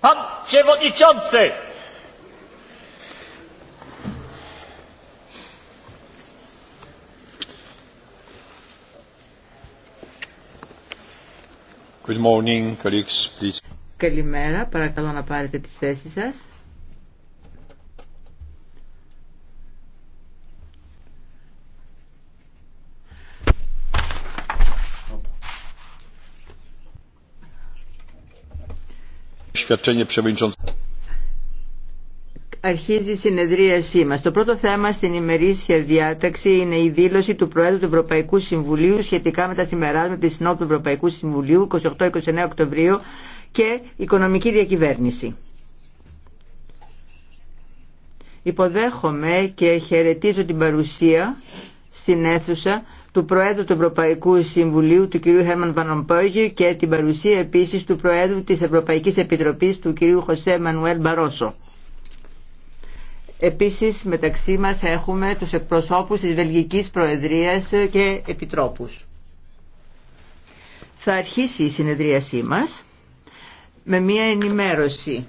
Pan Przewodniczący! Good morning, colleagues, please. Καλημέρα, παρακαλώ να πάρετε τις θέσεις σας. Αρχίζει η συνεδρίασή μας. Το πρώτο θέμα στην ημερήσια διάταξη είναι η δήλωση του Προέδρου του Ευρωπαϊκού Συμβουλίου σχετικά με τα συμπεράσματα της συνοπτου του Ευρωπαϊκού Συμβουλίου 28-29 Οκτωβρίου και οικονομική διακυβέρνηση. Υποδέχομαι και χαιρετίζω την παρουσία στην αίθουσα του Προέδρου του Ευρωπαϊκού Συμβουλίου του κ. Χέρμαν Βανομπόγιου και την παρουσία επίσης του Προέδρου της Ευρωπαϊκής Επιτροπής του κ. Χωσέ Μανουέλ Μπαρόσο. Επίσης μεταξύ μας έχουμε τους εκπροσώπους της Βελγικής Προεδρίας και Επιτρόπους. Θα αρχίσει η συνεδρίασή μας με μία ενημέρωση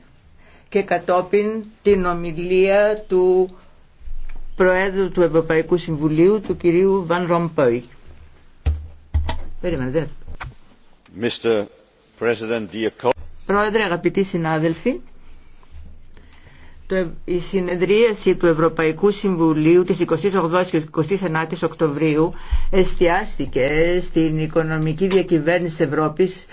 και κατόπιν την ομιλία του Προέδρου του Ευρωπαϊκού Συμβουλίου, του κυρίου Βαν Ρομπόι. Περίμενε, Mr. Πρόεδρε, αγαπητοί συνάδελφοι, το, η συνεδρίαση του Ευρωπαϊκού Συμβουλίου της 28ης και 29ης Οκτωβρίου εστιάστηκε στην οικονομική διακυβέρνηση Ευρώπης,